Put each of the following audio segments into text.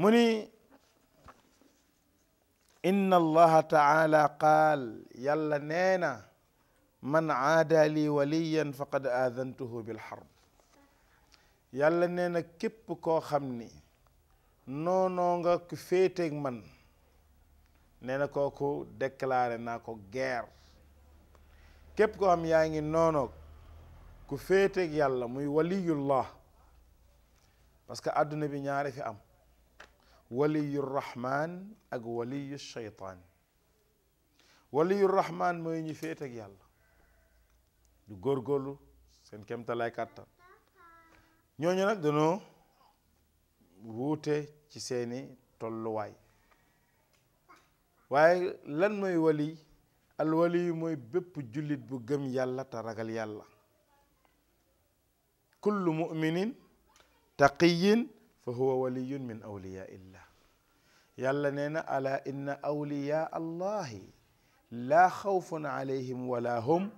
mu ni inna allaha taala qaal yàlla nee na man aada li waliyan faqad aadantuhu bilxarb yàlla nee na képp koo xam ni noonoo nga ku féeteeg man nee ko kooku déclaré naa ko guerre képp koo am yaa ngi noonoog ku féeteeg yàlla muy waliyullah parce que àdduna bi ñaari fi am waliyu rahman ak waliyu shaytaan waliyu rahman mooy ñu féet ak yàlla du góorgóorlu seen kemtalaay kàttan ñooñu nag danoo wuute ci seeni tolluwaay waaye lan mooy wali alwali yu mooy bépp jullit bu gëm yàlla te ragal yàlla kullu muminin taqiyin fa huwa waliyun min awliyaa illah yàlla nee na alaa inna awliyaa allahi laa xawfun alayhim wala hum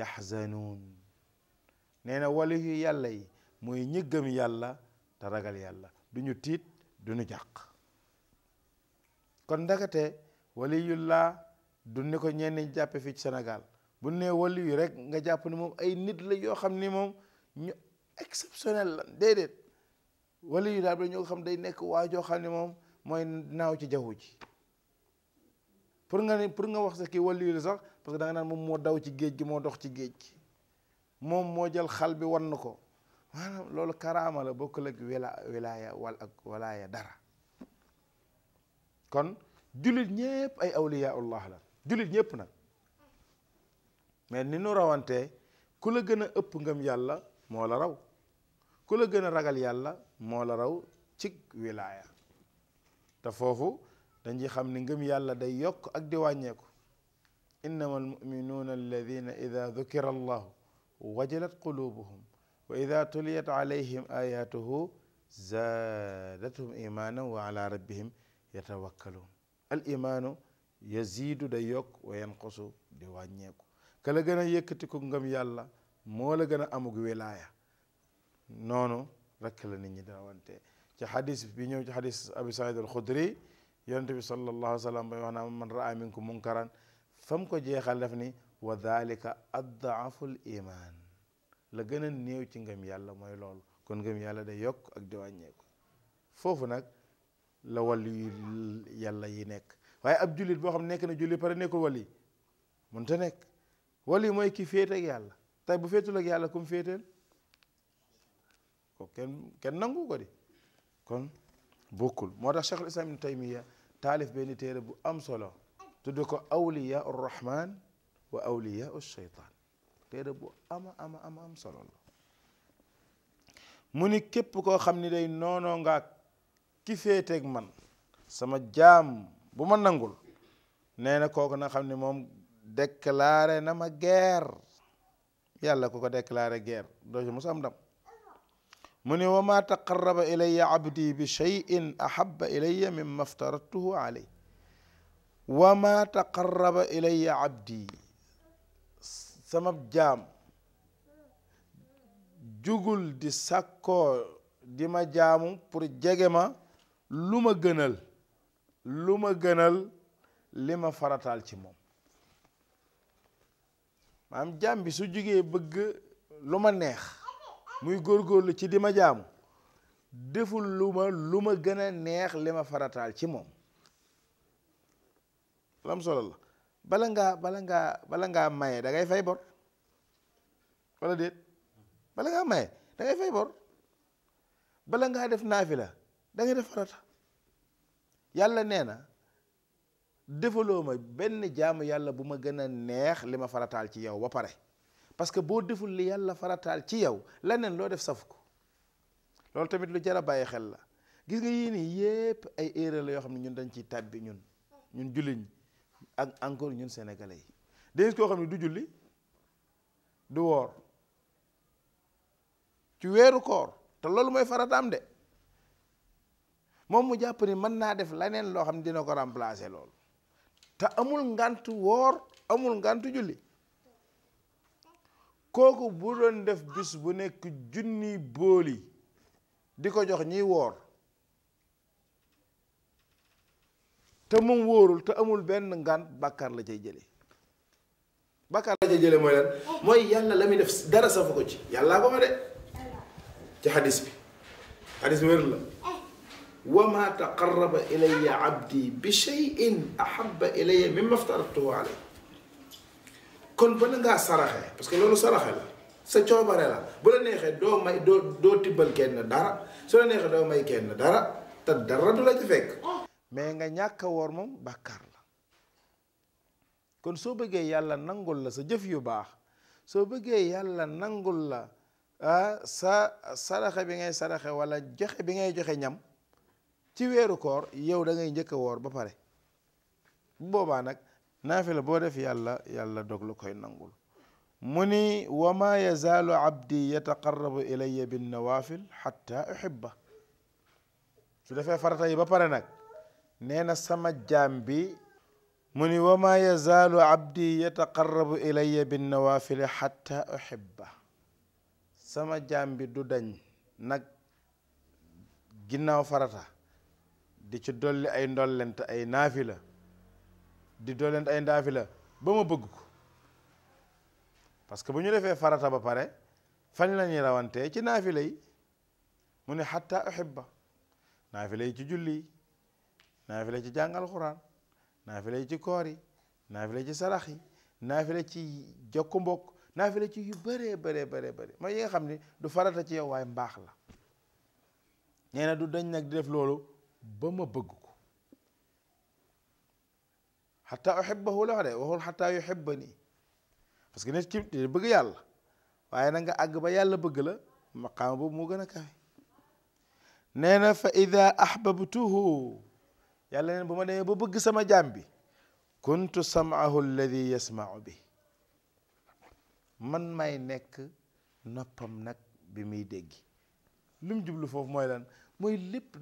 yaxzanuun nee na waliyu yàlla yi mooy ñi yàlla te ragal yàlla du ñu tiit du ñu jàq kon ndakate waliyullaa du ni ko ñenn ñi jàppe fii ci Sénégal bu nee waliyu rek nga jàpp ne moom ay nit la yoo xam ni moom ñu exceptionnel la déedéet wala yu daal ñoo xam day nekk waa joo xam ni moom mooy naaw ci jaww ji pour nga ne pour nga wax sa kii wala sax parce que da moom moo daw ci géej gi moo dox ci géej gi moom moo jël xal bi wan ko maanaam loolu karaama la bokkul ak wila wilaaya wal ak walaaya dara kon jullit ñëpp ay awliyaa Allah la jullit ñëpp nag mais ni nu rawantee ku la gën a ëpp ngëm yàlla moo la raw ku la gën a ragal yàlla moola raw cig wilaaya te foofu ji xam ni ngëm yàlla day yokk ak di wàññeeku innama almuminuuna alladina ida dukira allahu wajalat qulubuhum wa ida tuliyat ayatuhu zaadathum imaanan wa rabbihim yatawakkaluun al imaanu yaziidu day yokk wa yanqusu di wàññeeku ka la gën a yëkkati ko ngëm yàlla moo la gën a amug noonu rekk la nit ñi daawante ci xadis bi ñëw ci xadis abi saïd al xudri yonente bi sallallahu alayhi wax naa man raa minkum munkaran fa mu ko jeexal def ni wa dalika addaafu l iman la gën a néew ci ngëm yàlla mooy loolu kon ngëm yàlla day yokk ak wàññeeku foofu nag la yàlla yi nekk waaye ab jullit boo xam nekk na jullit pare nekkul wali mënta nekk wali mooy ki féete ak yàlla tey bu féetul ak yàlla kum féeteel ko kenn kenn nangu ko di kon bokkul moo tax cheikhul islam ibn taymiya taalif benn téere bu am solo tudde ko awliya arrahman wa awliya shaytan téere bu ama ama am solo la mu ni képp koo xam ni day noonoo ngaa ki féeteeg man sama jaam bu ma nangul nee na kook na xam ni moom déclaré na ma guerre yàlla ku ko déclaré guerre doo ci mos am dam mu ne wa ma taqarraba ilayya abdi bi cheyin ahaba ilayya mimma aftaradtuhu aley wa ma taqarraba ilayya abdi sama jaam jugul di sàkkoo di ma jaamu pour jege ma lu ma gënal lu ma gënal li ma faratal ci moom maam jaam bi su jugee bëgg lu ma neex muy góor góorlu ci di ma jaamu deful lu ma lu ma gën a neex li ma farataal ci moom lam solo la bala ngaa bala ngaa bala ngaa maye dangay fay bor wala déet bala ngaa maye da fay bor bala ngaa def naafila da ngay def farata yàlla nee na defaloo ma benn jaamu yàlla bu ma gën a neex li ma farataal ci yow ba pare parce que boo deful li yàlla farataal ci yow leneen loo def saf ko loolu tamit lu jar a bàyyi xel la gis nga yii nii yépp ay erreur la yoo xam ne ñun dañ ciy tàbbi ñun ñun jullit ñi ak encore ñun sénégalais yi dañu koo xam ne du julli du woor ci weeru koor te loolu mooy farataam de moom mu jàpp ni mën naa def leneen loo xam ne dina ko remplacer loolu te amul ngàntu woor amul ngàntu julli kooku bu doon def bis bu nekk junni booli di ko jox ñiy woor te moom wóorul te amul benn ngant bàkkaar la cay jële bàkkaar la cay jële mooy lan mooy yàlla la muy def dara safu ko ci yàllaa ko ma de ci xadis bi xadis bi wér la wa ma taqarraba ilayya abdi bi shay'in ahabba ilayya mimma aftaratuhu alayhi kon bala ngaa saraxe parce que loolu saraxe la sa coobare la bu la neexee doo may doo doo tibbal kenn dara su la neexee doo may kenn dara te dara du la ci fekk. mais nga ñàkk a woor moom bàkkaar la kon soo bëggee yàlla nangul la sa jëf yu baax soo bëggee yàlla nangul la ah, sa saraxe bi ngay saraxe wala joxe bi ngay joxe ñam ci weeru koor yow da ngay njëkk woor ba pare bu boobaa nag. naafila boo def yàlla yàlla doglu koy nangul mu ni wa ma yazaalu abdi yataqarrabu ilayya bin nawaafil xatta uhibba su defee farata yi ba pare nag nee na sama jaam bi mu ni wa ma yazaalu abdi yataqarrabu ilayya bin nawaafil xatta uhibba sama jaam bi du dañ nag ginnaaw farata di ci dolli ay ndollent ay naafila di doolent ay naafila ba ma bëgg ko parce que bu ñu defee farata ba pare fan la ñuy rawantee ci naafila yi mu ne xatta ba naafila yi ci julli yi naafila ci jàngal xuraan naafila yi ci koor yi naafila yi ci sarax yi naafila ci jokku mbokk naafila ci yu bëree bëree bëree bëri mooy yi nga xam ne du farata ci yow waaye mbaax la nee du dañ nag di def loolu ba ma bëgg xataa uhibbahu la wax de waxul xataa yuhibbani parce que nit ki bëgg yàlla waaye na nga àgg ba yàlla bëgg la maqaama boobu moo gën a kawe nee na fa ida ahbabtuhu yàlla neen bu ma demee ba bëgg sama jaam bi kuntu samaahu alladi yasmaau bi man may nekk noppam nag bi muy dégg lu mu jublu foofu mooy lan mooy lépp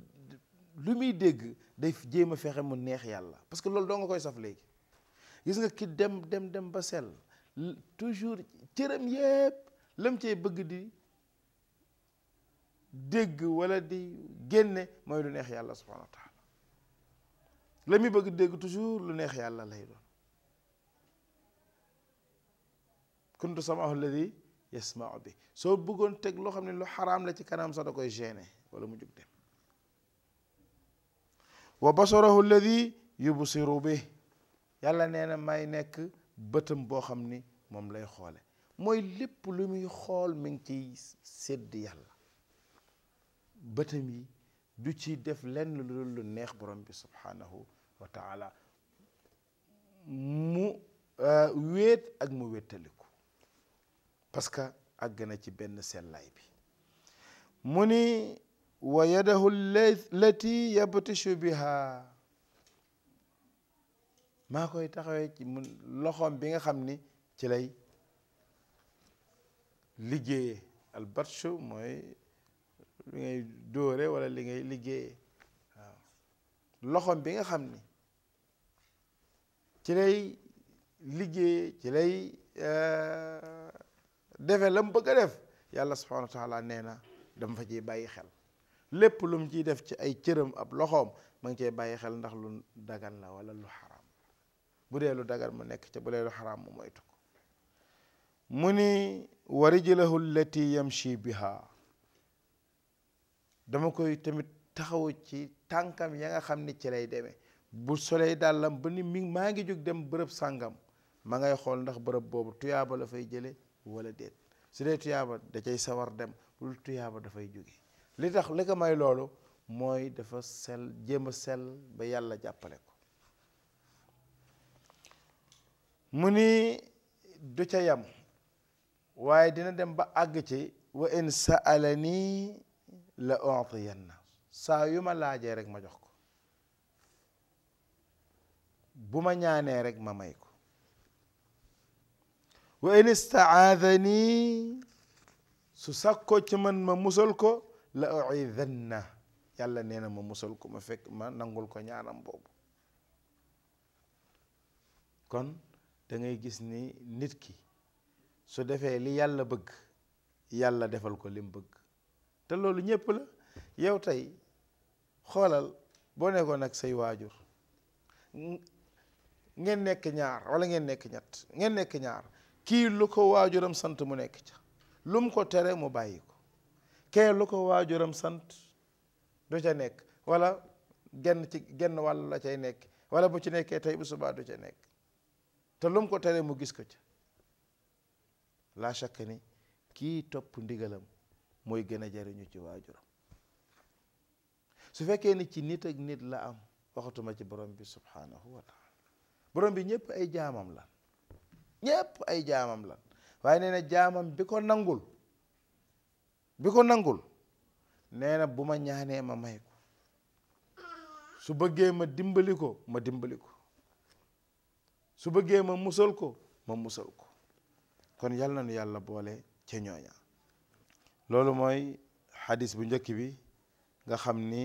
lu muy dégg day jéem a fexe mu neex yàlla parce que loolu doo nga koy saf léegi gis nga ki dem dem dem ba sel toujours cëram yépp lam cee bëgg di dégg walla di génne mooy lu neex yàlla subhanahu wa taala la muy bëgg dégg toujours lu neex yàlla lay doon kuntu samaahu alladi yasmau bi soo bëggoon teg loo xam ne lu xaraam la ci kanam sax da koy gêné wala mu jug dem wa basarahu alladi yubsiru bi yàlla nee na may nekk bëtam boo xam ni moom lay xoole mooy lépp lu muy xool mi ngi ciy sédd yàlla bëtam yi du ci def lenn lu dul lu neex borom bi subhaanahu wa mu euh, wéet ak mu wéttaliku parce que àgg na ci benn sellaay bi mu ni wa yadahu lati yabtishu biha maa koy taxawee ci mun loxoom bi nga xam ni ci lay liggéeye albatshu mooy li ngay dóore wala li ngay liggéeye loxoom bi nga xam ni ci lay liggéeye ci lay eh, defe la mu bëgg a def yàlla subhanahu wa taala nee na dama fa ciy bàyyi xel lépp lum ci def ci ay cëram ab loxoom ma ngi cee bàyyi xel ndax lu dagan la wala lu xaraam bu dee lu dagan mu nekk ca bu dee lu xaraam mu moytu ko mu ni wa rijlahu llati yamshi biha dama koy tamit taxawu ci tànkam ya nga xam ni ci lay deme bu solee dàllam ba ni mi maa ngi jóg dem bërëb sàngam ma ngay xool ndax bërëb boobu tuyaaba la fay jële wala déet su dee tuyaaba da cay sawar dem bu tuyaaba dafay jóge li tax li ko may loolu mooy dafa sel jéem sel ba yàlla jàppale ko mu ni du ca yam waaye dina dem ba àgg ci wa in saalani la utiyanna saa yu ma laajee rek ma jox ko bu ma ñaanee rek ma may ko wa in istaadani su sakkoo ci man ma musal ko la uidanna yàlla nee na ma musal ko ma fekk ma nangul ko ñaanam boobu kon dangay gis ni nit ki su defee li yàlla bëgg yàlla defal ko lim bëgg te loolu ñépp la yow tey xoolal boo nekkoon ak say waajur ngeen nekk ñaar wala ngeen nekk ñett ngeen nekk ñaar kii lu ko waajuram sant mu nekk ca lum ko tere mu bàyyi kee lu ko waajuram sant du ca nekk walla genn ci wàll la cay nekk wala bu ci nekkee tey bu subaa du ca nekk te lum ko teree mu gis ko ca laa shakk ni kii topp ndigalam mooy gën a jariñu ci waajuram su fekkee ni ci nit ak nit la am waxatuma ci borom bi subhanahu wa borom bi ñépp ay jaamam la ñëpp ay jaamam la waaye nee na jaamam bi ko nangul bi ko nangul nee na bu ma ñaanee ma may ko su bëggee ma dimbali ko ma dimbali ko su bëggee ma musal ko ma musal ko kon yal na nu yàlla boole ca ñooña loolu mooy xadis bu njëkk bi nga xam ni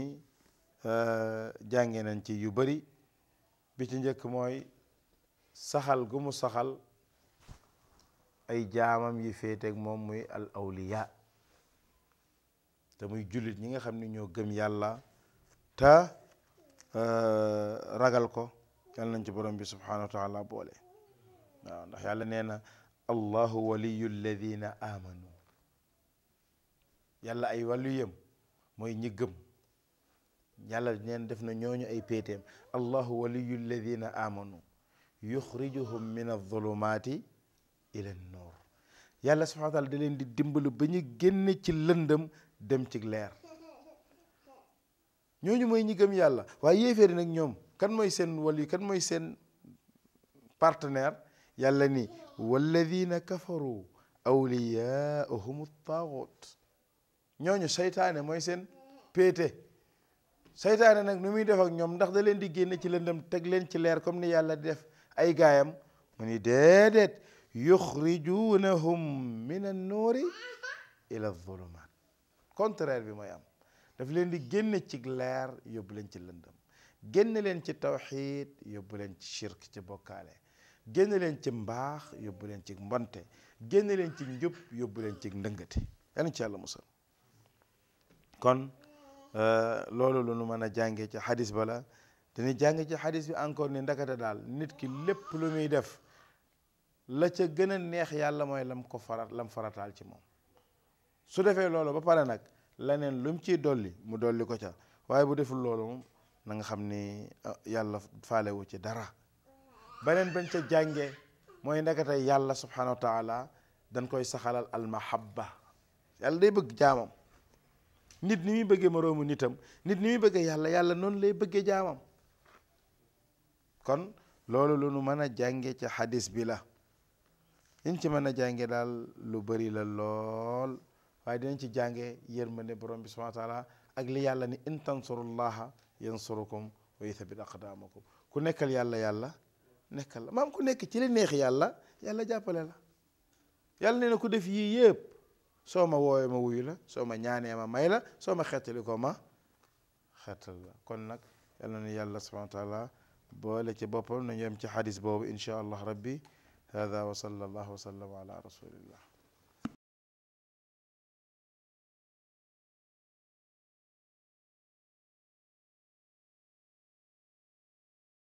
euh, jànge nañ ci yu bari bi ci njëkk mooy saxal gu mu saxal ay jaamam yi féeteeg moom muy al awliya te muy jullit ñi nga xam ni ñoo gëm yàlla te euh, ragal ko yal nañ ci borom bi subhanahu wa boole waaw ndax yàlla nee na allahu waliyu alladina amanu yàlla ay waliyam mooy ñi gëm yàlla neen def na ñooñu ay péeteem allahu waliyu alladina amanu yuxrijuhum min adulumaati ila an nuur yàlla subhanahu wa di dimbali ba ñu génn ci lëndëm dem ci leer ñooñu mooy ñi yàlla waaye yéeféeri nag ñoom kan mooy seen wali kan mooy seen partenaire yàlla ni walladina kafaru awliyaahum taaxut ñooñu seytaane mooy seen péete seytaane nag nu muy def ak ñoom ndax da leen di génne ci lëndëm teg leen ci leer comme ni yàlla def ay gaayam mu ni déedéet yuxrijunahum min an nuuri ila zulumaat contraire bi mooy am daf leen di génne ci leer yóbbu leen ci lëndëm génne leen ci tawxiid yóbbu leen ci shirk ci bokkaale génne leen ci mbaax yóbbu leen ci mbonte génne leen ci njub yóbbu leen ci ndëngate yanañ ci yàlla musal kon euh, loolu lu nu mën a jàngee ci xadis bala dañuy jàng ci xadis bi encore ni ndakate daal nit ki lépp lu muy def la ca gën a neex yàlla mooy lam ko farat lam farataal ci moom su defee loolu ba pare nag leneen lu mu ciy dolli mu dolli ko ca waaye bu deful loolu moom na nga xam ni ah, yàlla faalewu ci dara beneen bañ ca jànge mooy ndekete yàlla subhanahu wa dañ koy saxalal almahabba yàlla day bëgg jaamam nit ni muy bëggee moroomu nitam nit ni muy bëggee yàlla yàlla noonu lay bëggee jaamam kon loolu lu nu mën a jànge ci xadis bi la liñ ci mën a jànge daal lu bari la lool waaye dinañ ci jànge yërmande borom bi subhanahu wa ak li yàlla ni in tansurullaha yansurukum wa yuthabbit aqdamakum ku nekkal yàlla yàlla nekkal la maam ku nekk ci li neex yàlla yàlla jàppale la yàlla nee na ku def yii yëpp soo ma woowee ma wuyu la soo ma ñaanee ma may la soo ma xettali ko ma xettal la kon nag yal na yàlla subhanahu wa boole ci boppam nañu yem ci xadis boobu incha allah rabbi hada wa sallallahu wa sallam ala rasulillah